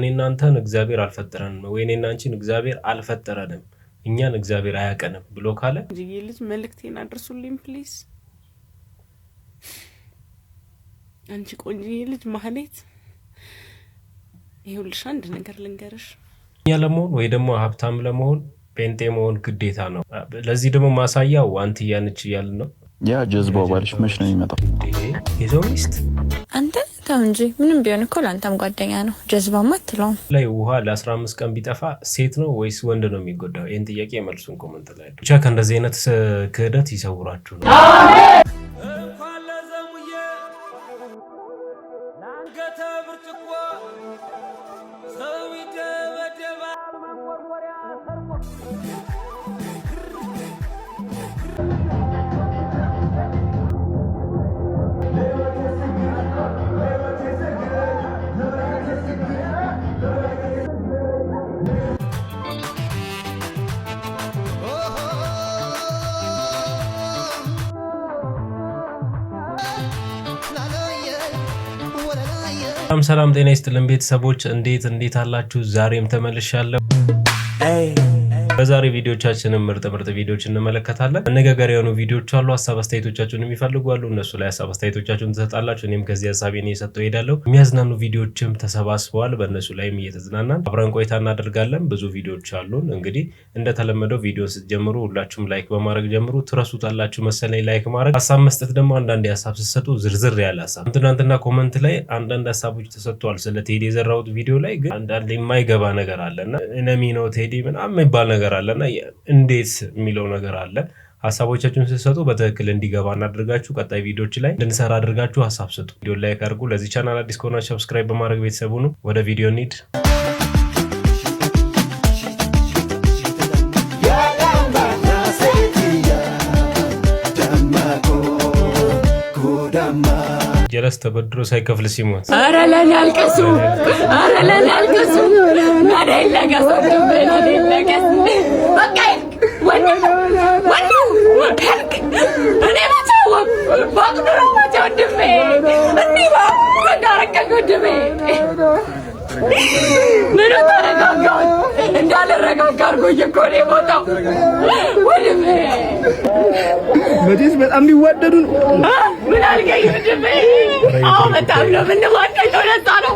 እኔ እናንተን እግዚአብሔር አልፈጠረንም ወይ እኔ እናንቺን እግዚአብሔር አልፈጠረንም እኛን እግዚአብሔር አያውቀንም ብሎ ካለ እጅዬ ልጅ መልእክቴን አድርሱልኝ ፕሊዝ። አንቺ ቆንጅዬ ልጅ ማህሌት፣ ይኸውልሽ አንድ ነገር ልንገርሽ። እኛ ለመሆን ወይ ደግሞ ሀብታም ለመሆን ጴንጤ መሆን ግዴታ ነው። ለዚህ ደግሞ ማሳያው አንትያንች እያልን ነው። ያ ጀዝባው ባልሽ መች ነው የሚመጣው? የሰው ሚስት ተው እንጂ ምንም ቢሆን እኮ ለአንተም ጓደኛ ነው። ጀዝባማ አትለውም። ላይ ውሃ ለአስራ አምስት ቀን ቢጠፋ ሴት ነው ወይስ ወንድ ነው የሚጎዳው? ይህን ጥያቄ መልሱን ኮመንት ላይ ብቻ ከእንደዚህ አይነት ክህደት ይሰውራችሁ ነው። ሰላም ሰላም፣ ጤና ይስጥልን ቤተሰቦች እንዴት እንዴት አላችሁ? ዛሬም ተመልሻለሁ። በዛሬ ቪዲዮቻችንም ምርጥ ምርጥ ቪዲዮዎች እንመለከታለን። አነጋጋሪ የሆኑ ቪዲዮች አሉ። ሀሳብ አስተያየቶቻችሁን የሚፈልጉ አሉ። እነሱ ላይ ሀሳብ አስተያየቶቻችሁን ትሰጣላችሁ። እኔም ከዚህ ነው እየሰጠሁ እሄዳለሁ። የሚያዝናኑ ቪዲዮችም ተሰባስበዋል። በእነሱ ላይም እየተዝናናን አብረን ቆይታ እናደርጋለን። ብዙ ቪዲዮዎች አሉን። እንግዲህ እንደተለመደው ቪዲዮ ስትጀምሩ ሁላችሁም ላይክ በማድረግ ጀምሩ። ትረሱታላችሁ መሰለኝ ላይክ ማድረግ። ሀሳብ መስጠት ደግሞ አንዳንድ ሀሳብ ስትሰጡ ዝርዝር ያለ ሀሳብ ትናንትና ኮመንት ላይ አንዳንድ ሀሳቦች ተሰጥተዋል። ስለ ቴዲ የዘራሁት ቪዲዮ ላይ ግን አንዳንድ የማይገባ ነገር አለና እነሚ ነው ቴዲ ምናምን የሚባል ነገር አለ እና እንዴት የሚለው ነገር አለ። ሀሳቦቻችሁን ስትሰጡ በትክክል እንዲገባ እናደርጋችሁ ቀጣይ ቪዲዮዎች ላይ እንድንሰራ አድርጋችሁ ሀሳብ ስጡ። ቪዲዮ ላይክ አድርጉ። ለዚህ ቻናል አዲስ ከሆነ ሰብስክራይብ በማድረግ ቤተሰቡ ነው። ወደ ቪዲዮ እንሂድ። ጀለስ ተበድሮ ሳይከፍል ሲሞት፣ ኧረ ለእኔ እንዳልረጋጋ አድርጎኝ እኮ ነው የሞጣው። መቼስ በጣም ቢዋደዱ ነው። ምን አልከኝ በጣም ነው የምንዋደደው። ለዛ ነው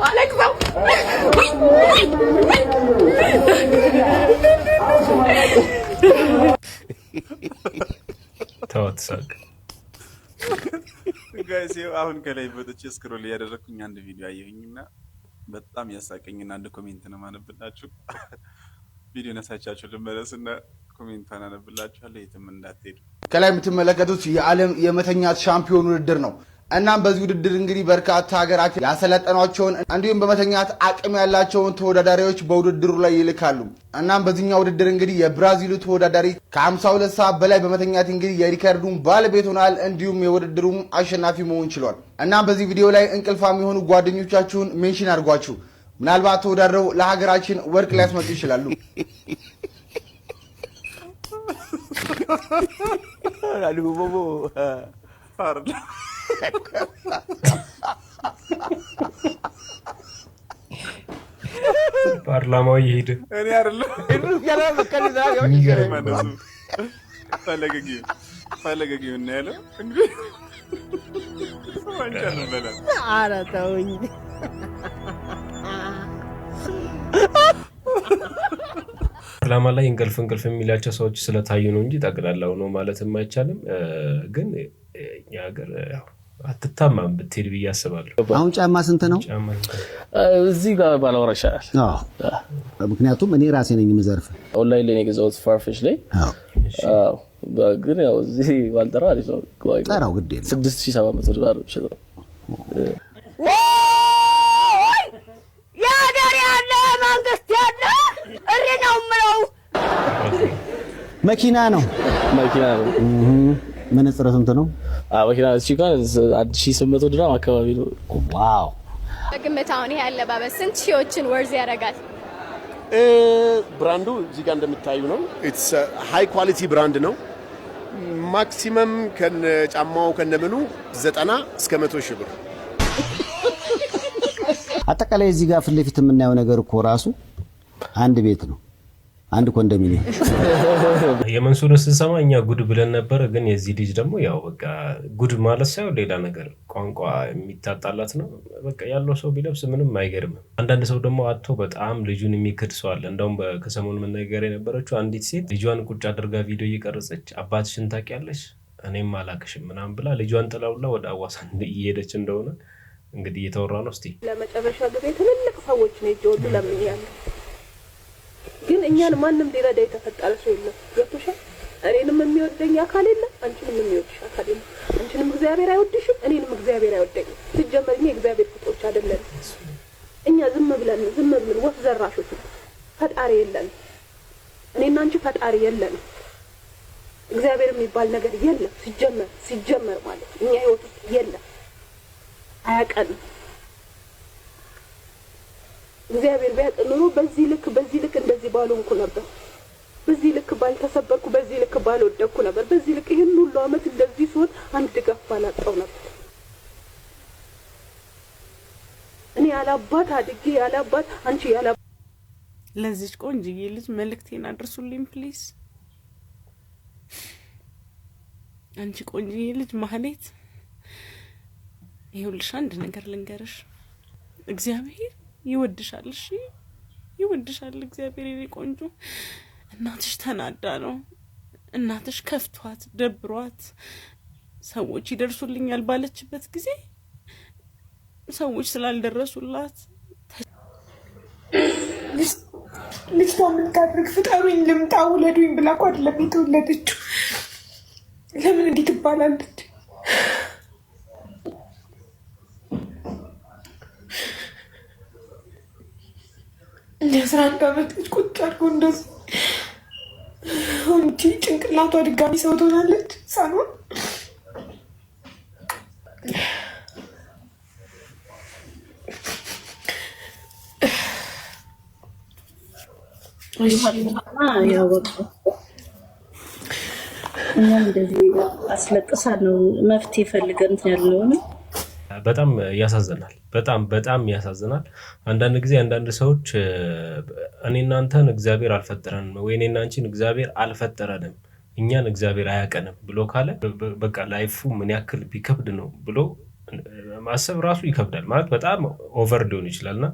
ጋይስ አሁን ከላይ በጥቼ ስክሮል እያደረግኩኝ አንድ ቪዲዮ አየሁኝና በጣም ያሳቀኝና አንድ ኮሜንት ነው ማነብላችሁ። ቪዲዮ ነሳቻችሁ ልመለስና ኮሜንት አናነብላችኋለሁ። የትም እንዳትሄዱ። ከላይ የምትመለከቱት የዓለም የመተኛት ሻምፒዮን ውድድር ነው። እናም በዚህ ውድድር እንግዲህ በርካታ ሀገራት ያሰለጠኗቸውን እንዲሁም በመተኛት አቅም ያላቸውን ተወዳዳሪዎች በውድድሩ ላይ ይልካሉ። እናም በዚህኛው ውድድር እንግዲህ የብራዚሉ ተወዳዳሪ ከ52 ሰዓት በላይ በመተኛት እንግዲህ የሪከርዱን ባለቤት ሆናል፣ እንዲሁም የውድድሩም አሸናፊ መሆን ችሏል። እናም በዚህ ቪዲዮ ላይ እንቅልፋ የሆኑ ጓደኞቻችሁን ሜንሽን አድርጓችሁ ምናልባት ተወዳድረው ለሀገራችን ወርቅ ሊያስመጡ ይችላሉ። ፓርላማው እየሄደ እኔ አይደለም ፈለገ እናያለን። ኧረ ተው እንጂ ፓርላማ ላይ እንቅልፍ እንቅልፍ የሚላቸው ሰዎች ስለታዩ ነው እንጂ ጠቅላላው ነው ማለትም አይቻልም። ግን እኛ ሀገር አትታማም ብትሄድ ብዬ አስባለሁ። አሁን ጫማ ስንት ነው? እዚህ ጋር ባላወራ ይሻላል። ምክንያቱም እኔ ራሴ ነኝ የምዘርፍ። ኦንላይን ላይ የገዛሁት ፋርፌሽ ላይ ግን ያው እዚህ ባልጠራ አሪፍ ነው። ስድስት ሺህ ሰባት መቶ ዶላር እሪ ነው የምለው። መኪና ነው መኪና ነው። መነጽር ስንት ነው? አዎ መኪና እዚህ 1800 ድራም አካባቢ ነው። ዋው በግምት አሁን ይሄ አለባበስ ስንት ሺዎችን ወርዝ ያደርጋል? ብራንዱ እዚህ ጋር እንደሚታዩ ነው። ኢትስ ሃይ ኳሊቲ ብራንድ ነው። ማክሲመም ከነ ጫማው ከነምኑ ዘጠና እስከ መቶ ሺህ ብር። አጠቃላይ እዚህ ጋር ፊት ለፊት የምናየው ነገር እኮ ራሱ አንድ ቤት ነው፣ አንድ ኮንዶሚኒየም። የመንሱር ስንሰማ እኛ ጉድ ብለን ነበረ። ግን የዚህ ልጅ ደግሞ ያው በቃ ጉድ ማለት ሳይሆን ሌላ ነገር ቋንቋ የሚታጣላት ነው። በቃ ያለው ሰው ቢለብስ ምንም አይገርምም። አንዳንድ ሰው ደግሞ አቶ በጣም ልጁን የሚክድ ሰው አለ። እንደውም ከሰሞኑ መነገር የነበረችው አንዲት ሴት ልጇን ቁጭ አድርጋ ቪዲዮ እየቀረጸች አባትሽን ታውቂያለሽ እኔም አላቅሽም ምናምን ብላ ልጇን ጥላውላ ወደ አዋሳ እየሄደች እንደሆነ እንግዲህ እየተወራ ነው። እስኪ ለመጨረሻ ጊዜ ትልልቅ ሰዎች ነው እጅ ወዱ ግን እኛን ማንም ሊረዳ የተፈጠረ ሰው የለም። ገብቶሻል? እኔንም የሚወደኝ አካል የለም፣ አንቺንም የሚወድሽ አካል የለም። አንቺንም እግዚአብሔር አይወድሽም፣ እኔንም እግዚአብሔር አይወደኝም። ሲጀመር እኛ የእግዚአብሔር ፍጦች አይደለን። እኛ ዝም ብለን ዝም ብለን ወፍ ዘራሾች ፈጣሪ የለን። እኔና አንቺ ፈጣሪ የለን። እግዚአብሔር የሚባል ነገር የለም። ሲጀመር ሲጀመር ማለት እኛ ህይወት ውስጥ የለም፣ አያቀንም እግዚአብሔር ቢያጥ ኑሮ በዚህ ልክ በዚህ ልክ እንደዚህ ባልሆንኩ ነበር። በዚህ ልክ ባልተሰበርኩ፣ በዚህ ልክ ባልወደቅኩ ነበር። በዚህ ልክ ይህን ሁሉ አመት እንደዚህ ሲሆን አንድ ድጋፍ ባላጣው ነበር። እኔ ያለአባት አድጌ ያለአባት አንቺ ያለ ለዚች ቆንጅዬ ልጅ መልእክቴን አድርሱልኝ ፕሊዝ። አንቺ ቆንጅዬ ልጅ ማህሌት፣ ይኸውልሽ አንድ ነገር ልንገርሽ እግዚአብሔር ይወድሻል። እሺ ይወድሻል። እግዚአብሔር የኔ ቆንጆ እናትሽ ተናዳ ነው። እናትሽ ከፍቷት ደብሯት ሰዎች ይደርሱልኛል ባለችበት ጊዜ ሰዎች ስላልደረሱላት ልጅቷ ምን ፍጠሩኝ፣ ልምጣ፣ ውለዱኝ ብላ እኮ አይደለም የተወለደችው። ለምን እንዲህ ትባላለች? እንደ አስራ አንድ ዓመት ልጅ ቁጭ አድርጎ እንደዚህ ሁንቲ ጭንቅላቷ ድጋሚ ሰው ትሆናለች። ሳኖን እኛም እንደዚህ አስለቅሳ ነው መፍትሄ ፈልገንት ያለውን በጣም ያሳዝናል። በጣም በጣም ያሳዝናል። አንዳንድ ጊዜ አንዳንድ ሰዎች እኔ እናንተን እግዚአብሔር አልፈጠረንም ወይ እኔ እናንቺን እግዚአብሔር አልፈጠረንም እኛን እግዚአብሔር አያውቀንም ብሎ ካለ በቃ ላይፉ ምን ያክል ቢከብድ ነው ብሎ ማሰብ ራሱ ይከብዳል። ማለት በጣም ኦቨር ሊሆን ይችላል እና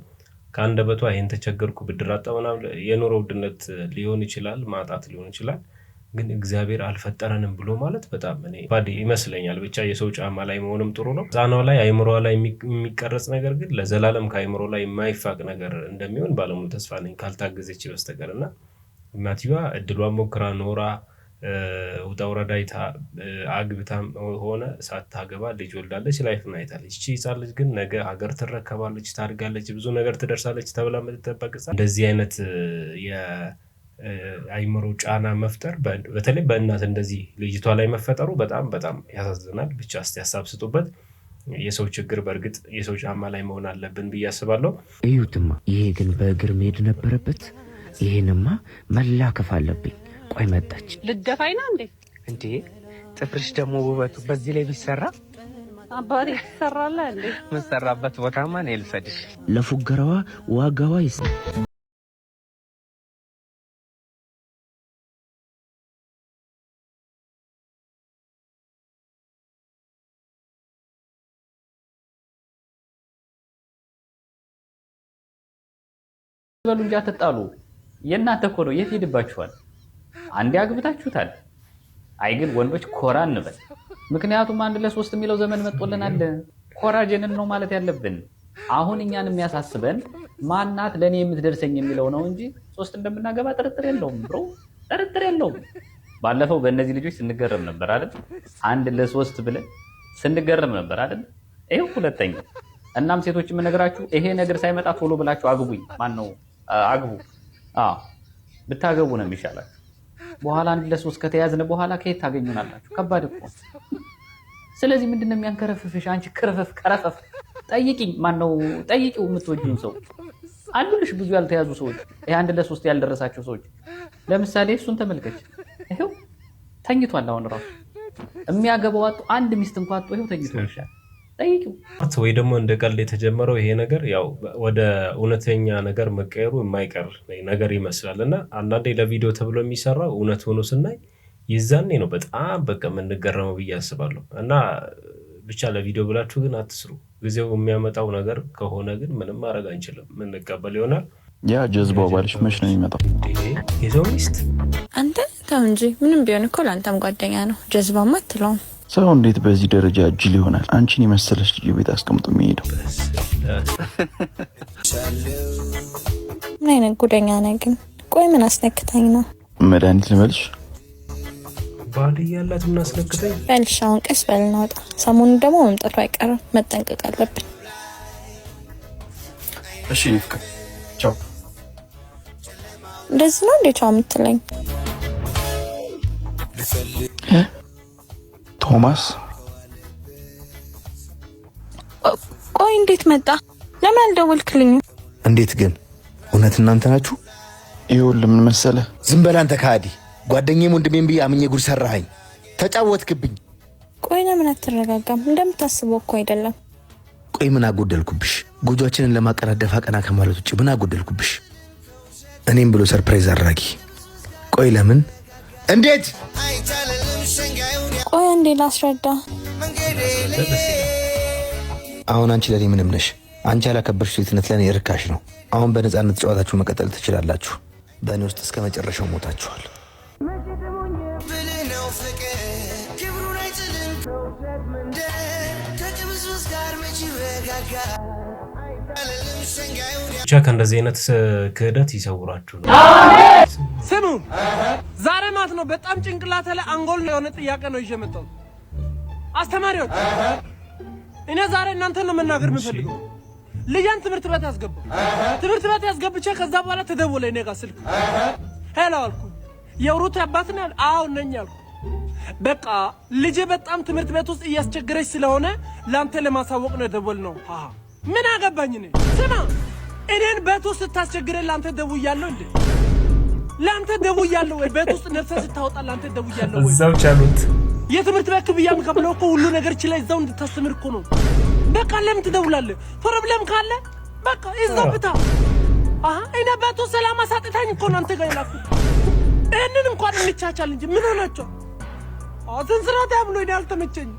ከአንደበቷ ይህን ተቸገርኩ ብድር አጣ ምናምን የኑሮ ውድነት ሊሆን ይችላል ማጣት ሊሆን ይችላል ግን እግዚአብሔር አልፈጠረንም ብሎ ማለት በጣም እኔ ባድ ይመስለኛል። ብቻ የሰው ጫማ ላይ መሆንም ጥሩ ነው። ህፃኗ ላይ አይምሮ ላይ የሚቀረጽ ነገር ግን ለዘላለም ከአይምሮ ላይ የማይፋቅ ነገር እንደሚሆን ባለሙሉ ተስፋ ነኝ ካልታገዘች በስተቀር እና እድሏ እድሏን ሞክራ ኖራ ውጣ ውረዳ አይታ አግብታም ሆነ ሳታገባ ልጅ ወልዳለች፣ ላይፍ አይታለች። እቺ ህፃን ልጅ ግን ነገ ሀገር ትረከባለች፣ ታድጋለች፣ ብዙ ነገር ትደርሳለች ተብላ የምትጠበቅ እንደዚህ አይነት አይምሮ ጫና መፍጠር በተለይ በእናት እንደዚህ ልጅቷ ላይ መፈጠሩ በጣም በጣም ያሳዝናል። ብቻ እስቲ ያሳብስጡበት። የሰው ችግር በእርግጥ የሰው ጫማ ላይ መሆን አለብን ብዬ አስባለሁ። እዩትማ፣ ይሄ ግን በእግር መሄድ ነበረበት። ይህንማ መላከፍ አለብኝ። ቆይ መጣች ልደፋይና እንዴ? እንዴ ጥፍርሽ ደግሞ ውበቱ በዚህ ላይ ቢሰራ አባቴ ትሰራለህ እንዴ? የምትሰራበት ቦታማ ነው። ልውሰድሽ። ለፉገረዋ ዋጋዋ ይስ በሉ እንጂ አትጣሉ። የእናንተ እኮ ነው። የት ሄድባችኋል? አንዴ አግብታችሁታል። አይ ግን ወንዶች ኮራ እንበል። ምክንያቱም አንድ ለሶስት የሚለው ዘመን ኮራ ኮራጀንን ነው ማለት ያለብን። አሁን እኛን የሚያሳስበን ማናት ለእኔ የምትደርሰኝ የሚለው ነው እንጂ ሶስት እንደምናገባ ጥርጥር የለውም ብሮ ጥርጥር የለውም። ባለፈው በእነዚህ ልጆች ስንገረም ነበር አይደል? አንድ ለሶስት ብለን ስንገረም ነበር አይደል? ይህ ሁለተኛ። እናም ሴቶች የምነግራችሁ ይሄ ነገር ሳይመጣ ቶሎ ብላችሁ አግቡኝ። ማን ነው አግቡ። አዎ ብታገቡ ነው የሚሻላችሁ። በኋላ አንድ ለሶስት ከተያዝን በኋላ ከየት ታገኙናላችሁ? ከባድ እኮ። ስለዚህ ምንድን ነው የሚያንከረፍፍሽ? አንቺ ክረፈፍ ከረፈፍ ጠይቂኝ። ማነው ጠይቂው የምትወጂውን ሰው አሉልሽ። ብዙ ያልተያዙ ሰዎች፣ ይሄ አንድ ለሶስት ያልደረሳቸው ሰዎች። ለምሳሌ እሱን ተመልከች። ይኸው ተኝቷል። አሁን ራሱ የሚያገባው አጡ፣ አንድ ሚስት እንኳ አጡ። ይኸው ተኝቶ ይሻል ጠይቂው ወይ ደግሞ እንደ ቀልድ የተጀመረው ይሄ ነገር ያው ወደ እውነተኛ ነገር መቀየሩ የማይቀር ነገር ይመስላል። እና አንዳንዴ ለቪዲዮ ተብሎ የሚሰራው እውነት ሆኖ ስናይ የዛኔ ነው በጣም በቃ የምንገረመው ብዬ አስባለሁ። እና ብቻ ለቪዲዮ ብላችሁ ግን አትስሩ። ጊዜው የሚያመጣው ነገር ከሆነ ግን ምንም ማድረግ አንችልም፣ የምንቀበል ይሆናል። ያ ጀዝባው ባልሽ መች ነው የሚመጣው? የሰው ሚስት አንተ ተው እንጂ ምንም ቢሆን እኮ ለአንተም ጓደኛ ነው። ጀዝባማ አትለውም ሰው እንዴት በዚህ ደረጃ እጅል ይሆናል? አንቺን የመሰለች ልጅ ቤት አስቀምጦ የሚሄደው ምን አይነት ጉደኛ ነህ ግን? ቆይ ምን አስነክተኝ ነው? መድኃኒት ልበልሽ? ባል እያላት ምን አስነክተኝ? በልሽ? አሁን ቀስ በል እናወጣ። ሰሞኑን ደግሞ መምጠቱ አይቀርም፣ መጠንቀቅ አለብን። እሺ ፍቅር፣ ቻው። እንደዚህ ነው እንዴ ቻው የምትለኝ? ቶማስ ቆይ እንዴት መጣ? ለምን አልደወልክልኝም? እንዴት ግን እውነት እናንተ ናችሁ? ይኸውልህ ምን መሰለህ፣ ዝም በል አንተ ከሃዲ። ጓደኛዬም ወንድሜም ብዬ አምኜ ጉድ ሰራኸኝ፣ ተጫወትክብኝ። ቆይ ለምን አትረጋጋም? እንደምታስበው እኮ አይደለም። ቆይ ምን አጎደልኩብሽ? ጎጆችንን ለማቀናት ደፋ ቀና ከማለት ውጭ ምን አጎደልኩብሽ? እኔም ብሎ ሰርፕራይዝ አድራጊ። ቆይ ለምን እንዴት ቆይ እንዴ ላስረዳ። አሁን አንቺ ለኔ ምንም ነሽ። አንቺ ያላከበርሽ ሴትነት ለኔ እርካሽ ነው። አሁን በነፃነት ጨዋታችሁ መቀጠል ትችላላችሁ። በእኔ ውስጥ እስከ መጨረሻው ሞታችኋል። ጋር ብቻ ከእንደዚህ አይነት ክህደት ይሰውራችሁ ነው። ስሙ ዛሬ ማለት ነው በጣም ጭንቅላት ላይ አንጎል የሆነ ጥያቄ ነው ይዤ አስተማሪዎች እኔ ዛሬ እናንተን ነው መናገር የምፈልገው። ልጄን ትምህርት ቤት ያስገባ ትምህርት ቤት ያስገብቼ ከዛ በኋላ ተደወለ እኔ ጋር ስልክ። ሄሎ አልኩ የሩት አባት አዎ ነኝ አልኩ። በቃ ልጄ በጣም ትምህርት ቤት ውስጥ እያስቸገረች ስለሆነ ለአንተ ለማሳወቅ ነው የደወልነው። ምን አገባኝ እኔ። ስማ እኔን ቤት ውስጥ ስታስቸግረኝ ለአንተ ደውያለሁ እንዴ? ለአንተ ደውያለሁ ወይ? ቤት ውስጥ ነፍሰ ስታወጣ ለአንተ ደውያለሁ ወይ? እዛው ቻሉት። የትምህርት ቤት ክብያ የምከፍለው እኮ ሁሉ ነገር ችላ እዛው እንድታስተምር እኮ ነው። በቃ ለምን ትደውላለህ? ፕሮብለም ካለ በቃ እዛው ብታ። አሀ እኔ ቤት ውስጥ ሰላም አሳጥታኝ እኮ ነው አንተ ጋር የላኩት። ይህንን እንኳን እንቻቻል እንጂ ምን ሆናቸው ስን ስርዓት ያምኖ ሄዳ አልተመቸኝ።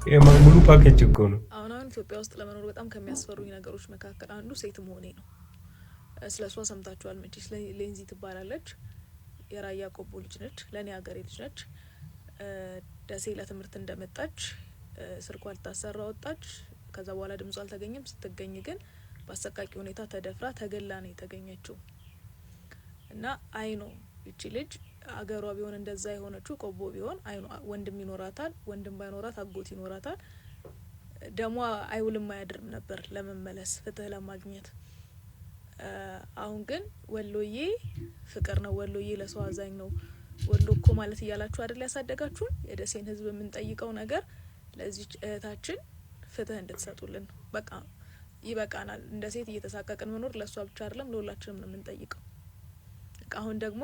ሙሉ ፓኬጅ እኮ ነው። አሁን አሁን ኢትዮጵያ ውስጥ ለመኖር በጣም ከሚያስፈሩኝ ነገሮች መካከል አንዱ ሴት መሆኔ ነው። ስለ እሷ ሰምታችኋል መቼ። ሌንዚ ትባላለች። የራያ ቆቦ ልጅ ነች። ለእኔ ሀገሬ ልጅ ነች። ደሴ ለትምህርት እንደመጣች ስልኳ ልታሰራ ወጣች። ከዛ በኋላ ድምጿ አልተገኘም። ስትገኝ ግን በአሰቃቂ ሁኔታ ተደፍራ ተገላ ነው የተገኘችው እና አይኖ ይቺ ልጅ አገሯ ቢሆን እንደዛ የሆነችው ቆቦ ቢሆን ወንድም ይኖራታል፣ ወንድም ባይኖራት አጎት ይኖራታል። ደሞ አይውልም አያድርም ነበር ለመመለስ ፍትህ ለማግኘት። አሁን ግን ወሎዬ ፍቅር ነው፣ ወሎዬ ለሰው አዛኝ ነው፣ ወሎ እኮ ማለት እያላችሁ አይደል ያሳደጋችሁን። የደሴን ህዝብ የምንጠይቀው ነገር ለዚች እህታችን ፍትህ እንድትሰጡልን በቃ ይበቃናል። እንደ ሴት እየተሳቀቅን መኖር ለእሷ ብቻ አይደለም ለሁላችንም ነው የምንጠይቀው። አሁን ደግሞ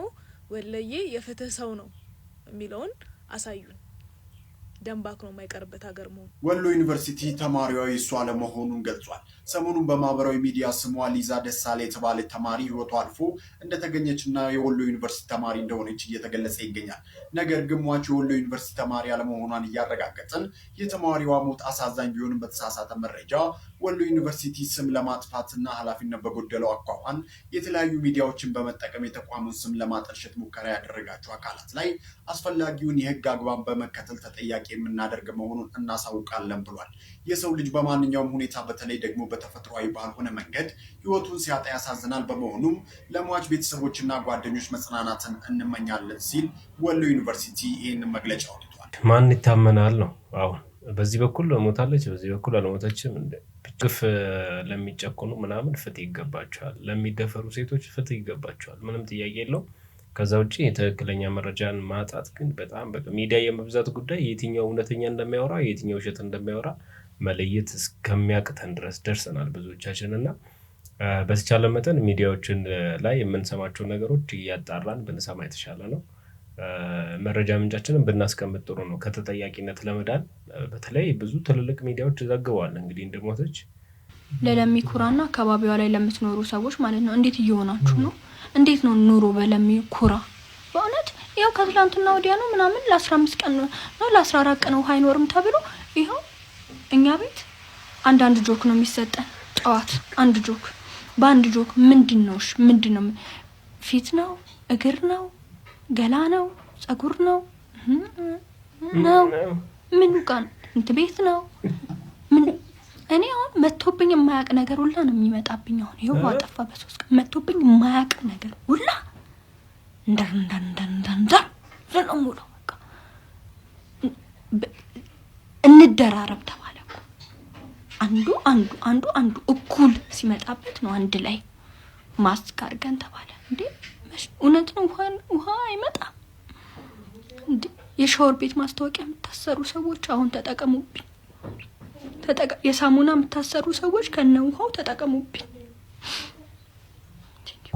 ወለዬ የፍትህ ሰው ነው የሚለውን አሳዩን። ደንባክ ነው የማይቀርበት ሀገር መሆኑ ወሎ ዩኒቨርሲቲ ተማሪዋ የእሷ አለመሆኑን ገልጿል። ሰሞኑን በማህበራዊ ሚዲያ ስሟ ሊዛ ደሳሌ የተባለ ተማሪ ህይወቷ አልፎ እንደተገኘችና የወሎ ዩኒቨርሲቲ ተማሪ እንደሆነች እየተገለጸ ይገኛል። ነገር ግን ሟች የወሎ ዩኒቨርሲቲ ተማሪ አለመሆኗን እያረጋገጥን የተማሪዋ ሞት አሳዛኝ ቢሆንም በተሳሳተ መረጃ ወሎ ዩኒቨርሲቲ ስም ለማጥፋትና ኃላፊነት በጎደለው አኳኋን የተለያዩ ሚዲያዎችን በመጠቀም የተቋሙን ስም ለማጠልሸት ሙከራ ያደረጋቸው አካላት ላይ አስፈላጊውን የህግ አግባብ በመከተል ተጠያቂ የምናደርግ መሆኑን እናሳውቃለን ብሏል። የሰው ልጅ በማንኛውም ሁኔታ በተለይ ደግሞ በተፈጥሯዊ ባልሆነ መንገድ ህይወቱን ሲያጣ ያሳዝናል። በመሆኑም ለሟች ቤተሰቦችና ጓደኞች መጽናናትን እንመኛለን ሲል ወሎ ዩኒቨርሲቲ ይህንን መግለጫ አውጥቷል። ማን ይታመናል ነው አሁን በዚህ በኩል ሞታለች፣ በዚህ በኩል አልሞተችም። ግፍ ለሚጨቁኑ ምናምን ፍትህ ይገባቸዋል። ለሚደፈሩ ሴቶች ፍትህ ይገባቸዋል። ምንም ጥያቄ የለው። ከዛ ውጭ የትክክለኛ መረጃን ማጣት ግን በጣም በቃ ሚዲያ የመብዛት ጉዳይ የትኛው እውነተኛ እንደሚያወራ የትኛው ውሸት እንደሚያወራ መለየት እስከሚያቅተን ድረስ ደርሰናል ብዙዎቻችን እና በተቻለ መጠን ሚዲያዎችን ላይ የምንሰማቸው ነገሮች እያጣራን ብንሰማ የተሻለ ነው። መረጃ ምንጫችንን ብናስቀምጥ ጥሩ ነው። ከተጠያቂነት ለመዳን በተለይ ብዙ ትልልቅ ሚዲያዎች ዘግበዋል። እንግዲህ እንደሞተች ለለሚ ኩራና አካባቢዋ ላይ ለምትኖሩ ሰዎች ማለት ነው እንዴት እየሆናችሁ ነው? እንዴት ነው ኑሮ በለሚ ኩራ በእውነት ያው ከትላንትና ወዲያ ነው ምናምን ለአስራ አምስት ቀን ነው ለአስራ አራት ቀን ውሃ አይኖርም ተብሎ ይኸው እኛ ቤት አንዳንድ ጆክ ነው የሚሰጠን። ጠዋት አንድ ጆክ፣ በአንድ ጆክ ምንድን ነው ምንድን ነው ፊት ነው እግር ነው ገላ ነው ጸጉር ነው ነው ምን ቃን እንት ቤት ነው እኔ አሁን መቶብኝ የማያውቅ ነገር ሁላ ነው የሚመጣብኝ። አሁን ይኸው አጠፋ በሶስት ቀን መቶብኝ የማያውቅ ነገር ሁላ እንደር እንደር እንደር እንደር እንደር ስለሙሉ በቃ እንደራረብ ተባለ እኮ አንዱ አንዱ አንዱ አንዱ እኩል ሲመጣበት ነው አንድ ላይ ማስክ አድርገን ተባለ። እንዴ እውነት ነው ውሃ አይመጣም እንዴ? የሻወር ቤት ማስታወቂያ የምታሰሩ ሰዎች አሁን ተጠቀሙብኝ። የሳሙና የምታሰሩ ሰዎች ከነ ውሃው ተጠቀሙብኝ።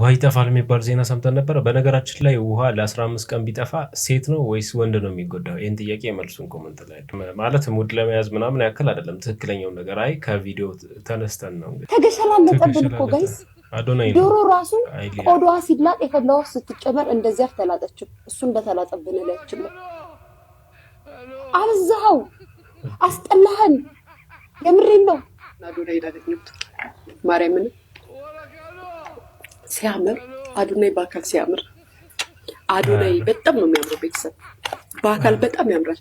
ውሃ ይጠፋል የሚባል ዜና ሰምተን ነበረ። በነገራችን ላይ ውሃ ለ15 ቀን ቢጠፋ ሴት ነው ወይስ ወንድ ነው የሚጎዳው? ይህን ጥያቄ መልሱን ኮመንት ላይ ማለት ሙድ ለመያዝ ምናምን ያክል አይደለም። ትክክለኛውን ነገር አይ ከቪዲዮ ተነስተን ነው ተገሸላለጠብን እኮ ጋይስ። ዶሮ ራሱ ቆዳዋ ሲላጥ የፈላዋ ስትጨመር እንደዚያ ተላጠችም። እሱ እንደተላጠብን ላያችለ አብዛው አስጠላህን የምሬን ነው። አዶናይ ዳገኘት ማርያምን ሲያምር አዶናይ በአካል ሲያምር አዶናይ በጣም ነው የሚያምረው። ቤተሰብ በአካል በጣም ያምራል።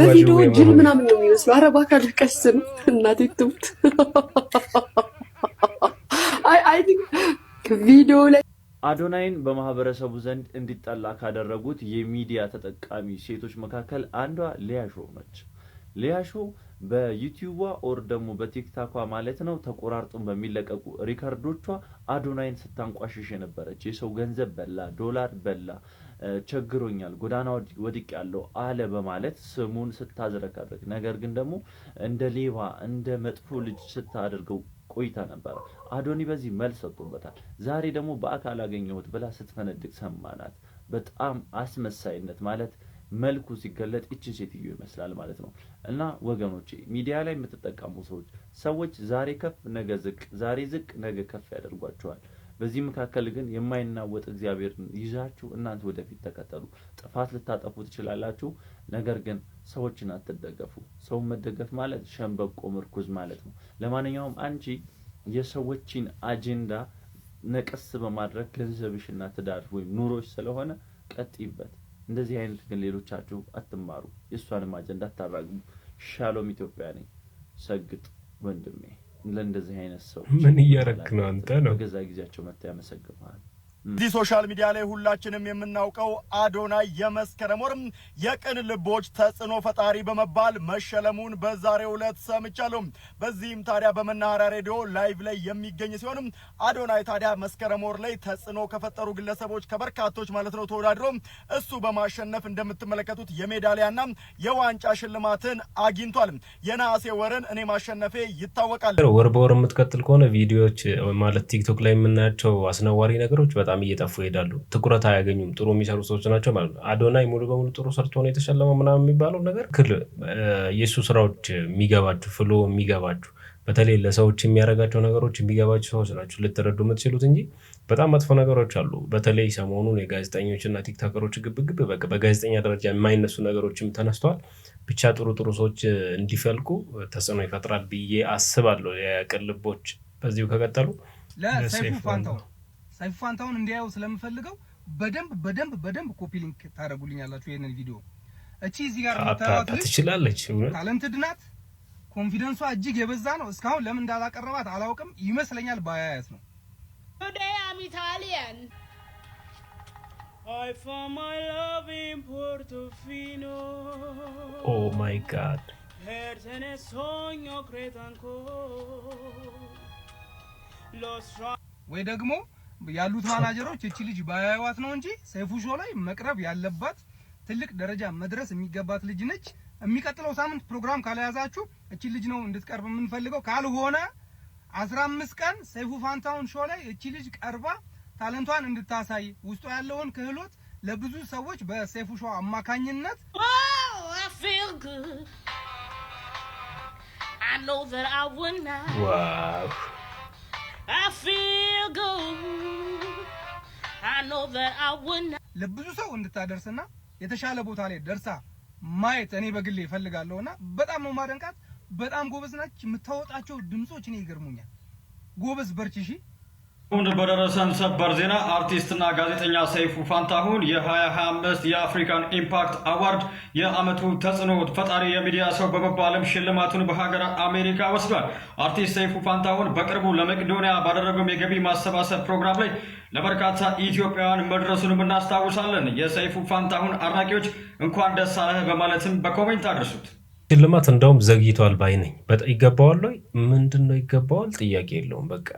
በቪዲዮ ጅል ምናምን ነው የሚመስሉ። አረ በአካል ቀስም እናቴ ትሙት። ቪዲዮ ላይ አዶናይን በማህበረሰቡ ዘንድ እንዲጠላ ካደረጉት የሚዲያ ተጠቃሚ ሴቶች መካከል አንዷ ሊያሾው ነች። ሊያሾው በዩቲዩቧ ኦር ደግሞ በቲክታኳ ማለት ነው ተቆራርጡን በሚለቀቁ ሪከርዶቿ አዶናይን ስታንቋሽሽ የነበረች የሰው ገንዘብ በላ፣ ዶላር በላ፣ ቸግሮኛል፣ ጎዳና ወድቅ ያለው አለ በማለት ስሙን ስታዝረከርክ፣ ነገር ግን ደግሞ እንደ ሌባ እንደ መጥፎ ልጅ ስታደርገው ቆይታ ነበረ። አዶኒ በዚህ መልስ ሰጥቶበታል። ዛሬ ደግሞ በአካል አገኘሁት ብላ ስትፈነድቅ ሰማናት። በጣም አስመሳይነት ማለት መልኩ ሲገለጥ ይችን ሴትዮ ይመስላል ማለት ነው። እና ወገኖቼ ሚዲያ ላይ የምትጠቀሙ ሰዎች ሰዎች ዛሬ ከፍ ነገ ዝቅ፣ ዛሬ ዝቅ ነገ ከፍ ያደርጓቸዋል። በዚህ መካከል ግን የማይናወጥ እግዚአብሔርን ይዛችሁ እናንተ ወደፊት ተከተሉ። ጥፋት ልታጠፉ ትችላላችሁ፣ ነገር ግን ሰዎችን አትደገፉ። ሰውን መደገፍ ማለት ሸንበቆ ምርኩዝ ማለት ነው። ለማንኛውም አንቺ የሰዎችን አጀንዳ ነቀስ በማድረግ ገንዘብሽና ትዳር ወይም ኑሮሽ ስለሆነ ቀጥይበት። እንደዚህ አይነት ግን ሌሎቻችሁ አትማሩ፣ የእሷንም አጀንዳ አታራግቡ። ሻሎም ኢትዮጵያ ነኝ። ሰግጥ ወንድሜ ለእንደዚህ አይነት ሰው ምን እያረክ ነው አንተ ነው በገዛ ጊዜያቸው መጥተው ያመሰግናል። እዚህ ሶሻል ሚዲያ ላይ ሁላችንም የምናውቀው አዶናይ የመስከረም ወርም የቅን ልቦች ተጽዕኖ ፈጣሪ በመባል መሸለሙን በዛሬው ዕለት ሰምቻለሁ። በዚህም ታዲያ በመናኸሪያ ሬዲዮ ላይቭ ላይ የሚገኝ ሲሆንም አዶናይ ታዲያ መስከረም ወር ላይ ተጽዕኖ ከፈጠሩ ግለሰቦች ከበርካቶች ማለት ነው ተወዳድሮ እሱ በማሸነፍ እንደምትመለከቱት የሜዳሊያና የዋንጫ ሽልማትን አግኝቷል። የነሐሴ ወርን እኔ ማሸነፌ ይታወቃል። ወር በወር የምትቀጥል ከሆነ ቪዲዮዎች ማለት ቲክቶክ ላይ የምናያቸው አስነዋሪ ነገሮች በጣም በጣም እየጠፉ ይሄዳሉ። ትኩረት አያገኙም። ጥሩ የሚሰሩ ሰዎች ናቸው ማለት ነው። አዶናይ ሙሉ በሙሉ ጥሩ ሰርቶ ነው የተሸለመው ምናምን የሚባለው ነገር ክል የእሱ ስራዎች የሚገባችሁ ፍሎ የሚገባችሁ በተለይ ለሰዎች የሚያደርጋቸው ነገሮች የሚገባቸው ሰዎች ናቸው ልትረዱ የምትችሉት እንጂ በጣም መጥፎ ነገሮች አሉ። በተለይ ሰሞኑን የጋዜጠኞችና ቲክቶከሮች ግብግብ በጋዜጠኛ ደረጃ የማይነሱ ነገሮችም ተነስተዋል። ብቻ ጥሩ ጥሩ ሰዎች እንዲፈልቁ ተጽዕኖ ይፈጥራል ብዬ አስባለሁ። የቅልቦች በዚሁ ከቀጠሉ ለሰይፉ ፋንታው ሰይፉ ፋንታሁን እንዲያየው ስለምፈልገው በደንብ በደንብ በደንብ ኮፒ ሊንክ ታደርጉልኛላችሁ ይሄንን ቪዲዮ። እቺ እዚህ ጋር የምታዩት ትችላለች፣ ታለንትድ ናት። ኮንፊደንሷ እጅግ የበዛ ነው። እስካሁን ለምን እንዳላቀረባት አላውቅም። ይመስለኛል ባያያት ነው። ኦ ማይ ጋድ ወይ ደግሞ ያሉት ማናጀሮች እቺ ልጅ ባያዩዋት ነው እንጂ ሰይፉ ሾው ላይ መቅረብ ያለባት ትልቅ ደረጃ መድረስ የሚገባት ልጅ ነች። የሚቀጥለው ሳምንት ፕሮግራም ካልያዛችሁ እቺ ልጅ ነው እንድትቀርብ የምንፈልገው። ካልሆነ 15 ቀን ሰይፉ ፋንታውን ሾ ላይ እቺ ልጅ ቀርባ ታለንቷን እንድታሳይ ውስጧ ያለውን ክህሎት ለብዙ ሰዎች በሰይፉ ሾ አማካኝነት oh, I ለብዙ ሰው እንድታደርስና የተሻለ ቦታ ላይ ደርሳ ማየት እኔ በግሌ እፈልጋለሁ በጣም ነው ማደንቃት። በጣም ጎበዝ ናች። የምታወጣቸው ድምጾች እኔ ይገርሙኛል። ጎበዝ በርቺ። እንድ በደረሰን ሰበር ዜና አርቲስትና ጋዜጠኛ ሰይፉ ፋንታሁን የ2025 የአፍሪካን ኢምፓክት አዋርድ የዓመቱ ተጽዕኖ ፈጣሪ የሚዲያ ሰው በመባልም ሽልማቱን በሀገር አሜሪካ ወስዷል። አርቲስት ሰይፉ ፋንታሁን በቅርቡ ለመቄዶንያ ባደረገው የገቢ ማሰባሰብ ፕሮግራም ላይ ለበርካታ ኢትዮጵያውያን መድረሱንም እናስታውሳለን። የሰይፉ ፋንታሁን አድናቂዎች እንኳን ደስ አለህ በማለትም በኮሜንት አድርሱት። ሽልማት እንደውም ዘግይቷል ባይ ነኝ። ይገባዋል ወይ ምንድን ነው ይገባዋል፣ ጥያቄ የለውም። በቃ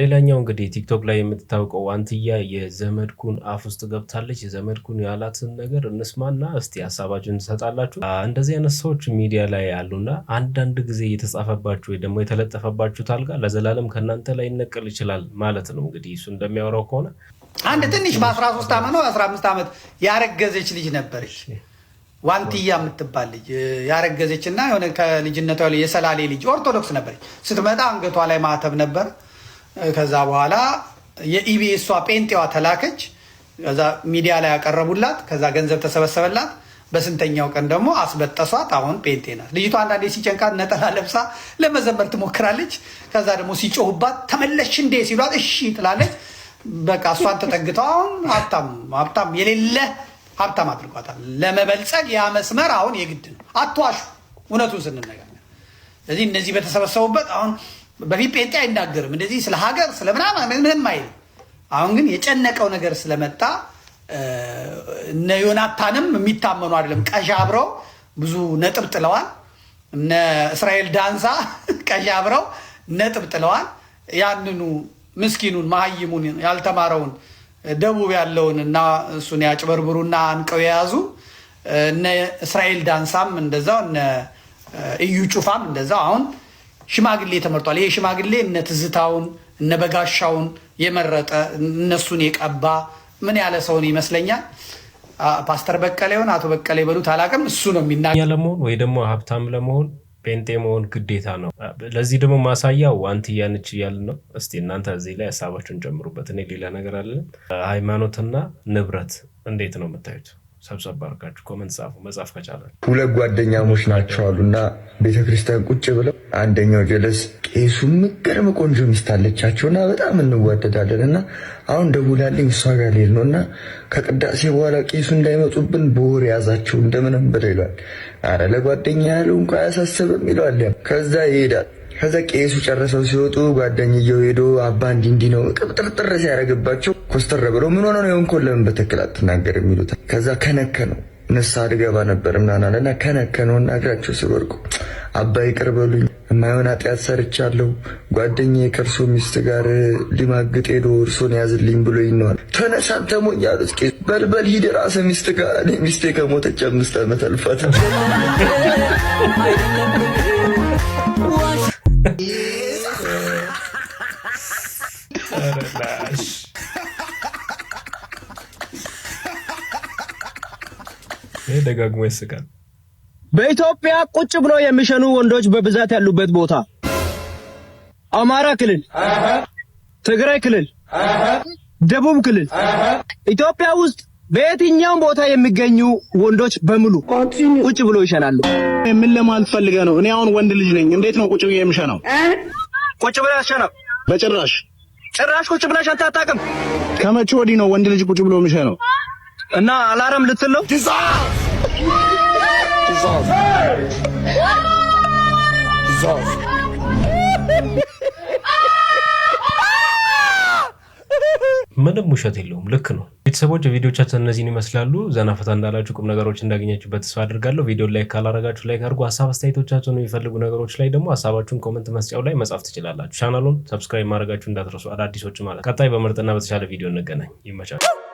ሌላኛው እንግዲህ ቲክቶክ ላይ የምትታውቀው አንትያ የዘመድኩን አፍ ውስጥ ገብታለች። የዘመድኩን ያላትን ነገር እንስማና እስቲ ሀሳባችሁን ትሰጣላችሁ። እንደዚህ አይነት ሰዎች ሚዲያ ላይ አሉና አንዳንድ ጊዜ የተጻፈባችሁ ወይ ደግሞ የተለጠፈባችሁ ታልጋ ለዘላለም ከእናንተ ላይ ይነቀል ይችላል ማለት ነው። እንግዲህ እሱ እንደሚያወራው ከሆነ አንድ ትንሽ በ13 ዓመት ነው 15 ዓመት ያረገዘች ልጅ ነበረች ዋንትያ የምትባል ልጅ ያረገዘች እና የሆነ ከልጅነቷ የሰላሌ ልጅ ኦርቶዶክስ ነበረች። ስትመጣ አንገቷ ላይ ማተብ ነበር። ከዛ በኋላ የኢቢኤሷ ጴንጤዋ ተላከች። ከዛ ሚዲያ ላይ ያቀረቡላት። ከዛ ገንዘብ ተሰበሰበላት። በስንተኛው ቀን ደግሞ አስበጠሷት። አሁን ጴንጤ ናት ልጅቷ። አንዳንዴ ሲጨንቃት ነጠላ ለብሳ ለመዘመር ትሞክራለች። ከዛ ደግሞ ሲጮሁባት ተመለሽ እንዴ ሲሏት እሺ ትላለች። በቃ እሷን ተጠግተው አሁን ሀብታም ሀብታም የሌለ ሀብታም አድርጓታል። ለመበልጸግ ያ መስመር አሁን የግድ ነው። አትዋሹ፣ እውነቱን ስንነጋገር። ስለዚህ እነዚህ በተሰበሰቡበት አሁን በፊት ጴንጤ አይናገርም እንደዚህ ስለ ሀገር ስለ ምናምን ምንም አይልም። አሁን ግን የጨነቀው ነገር ስለመጣ እነ ዮናታንም የሚታመኑ አይደለም። ቀዣብረው ብዙ ነጥብ ጥለዋል። እነ እስራኤል ዳንሳ ቀዣብረው ነጥብ ጥለዋል። ያንኑ ምስኪኑን መሀይሙን ያልተማረውን ደቡብ ያለውን እና እሱን ያጭበርብሩና አንቀው የያዙ እነ እስራኤል ዳንሳም እንደዛው እነ እዩ ጩፋም እንደዛው አሁን ሽማግሌ ተመርጧል። ይሄ ሽማግሌ እነ ትዝታውን እነ በጋሻውን የመረጠ እነሱን የቀባ ምን ያለ ሰውን ይመስለኛል። ፓስተር በቀለ ይሆን አቶ በቀለ ይበሉት አላውቅም። እሱ ነው የሚና ለመሆን ወይ ደግሞ ሀብታም ለመሆን ጴንጤ መሆን ግዴታ ነው። ለዚህ ደግሞ ማሳያ አንትያ ነች እያልን ነው። እስቲ እናንተ እዚህ ላይ ሀሳባችሁን ጨምሩበት። እኔ ሌላ ነገር አለን። ሃይማኖትና ንብረት እንዴት ነው የምታዩት? ሰብሰብ ኮመንት ጻፉ፣ መጻፍ ከቻለ። ሁለት ጓደኛሞች ናቸው አሉ እና ቤተክርስቲያን ቁጭ ብለው አንደኛው ጀለስ ቄሱ ምገርም ቆንጆ ሚስት አለቻቸው እና በጣም እንዋደዳለን እና አሁን ደውላልኝ እሷ ጋር ልሄድ ነው እና ከቅዳሴ በኋላ ቄሱ እንዳይመጡብን በወር ያዛቸው እንደምንም ብለው ይሏል አረ ለጓደኛ ያሉ እንኳ አያሳስብም ይለዋል። ከዛ ይሄዳል። ከዛ ቄሱ ጨረሰው ሲወጡ ጓደኛየው ሄዶ አባ እንዲ እንዲ ነው ጥርጥር ሲያደርግባቸው ኮስተር ብሎ ምን ሆነ ነው የሆንኮ ለምን በትክክል አትናገር የሚሉት ከዛ ከነከ ነው ንስሓ ልገባ ነበር ምናምን አለና ከነከ ነው እና እግራቸው ሲወድቁ አባ ይቅር በሉኝ የማይሆን ኃጢአት ሰርቻለሁ፣ ጓደኛዬ ከእርሶ ሚስት ጋር ሊማግጥ ሄዶ እርሶን ያዝልኝ ብሎ ይነዋል። ተነሳ አንተ ሞኝ አሉት በልበል ሂድ ራስህ ሚስት ጋር። እኔ ሚስቴ ከሞተች አምስት ዓመት አልፋት። ደጋግሞ ይስቃል። በኢትዮጵያ ቁጭ ብሎ የሚሸኑ ወንዶች በብዛት ያሉበት ቦታ አማራ ክልል፣ ትግራይ ክልል፣ ደቡብ ክልል፣ ኢትዮጵያ ውስጥ በየትኛውም ቦታ የሚገኙ ወንዶች በሙሉ ቁጭ ብሎ ይሸናሉ። ምን ለማልፈልገ ነው? እኔ አሁን ወንድ ልጅ ነኝ። እንዴት ነው ቁጭ ብዬ የሚሸነው? ቁጭ ብሎ ያሸነው? በጭራሽ ጭራሽ ቁጭ ብለህ ሸንተህ አታውቅም። ከመቼ ወዲህ ነው ወንድ ልጅ ቁጭ ብሎ የሚሸነው? እና አላረም ልትል ነው? ምንም ውሸት የለውም። ልክ ነው። ቤተሰቦች ቪዲዮቻችን እነዚህን ይመስላሉ። ዘና ፈታ እንዳላችሁ ቁም ነገሮች እንዳገኛችሁበት ተስፋ አድርጋለሁ። ቪዲዮ ላይክ ካላረጋችሁ ላይክ አድርጉ። ሀሳብ አስተያየቶቻቸውን የሚፈልጉ ነገሮች ላይ ደግሞ ሀሳባችሁን ኮመንት መስጫው ላይ መጻፍ ትችላላችሁ። ቻናሉን ሰብስክራይብ ማድረጋችሁ እንዳትረሱ። አዳዲሶች ማለት ቀጣይ በምርጥና በተሻለ ቪዲዮ እንገናኝ። ይመቻችሁ።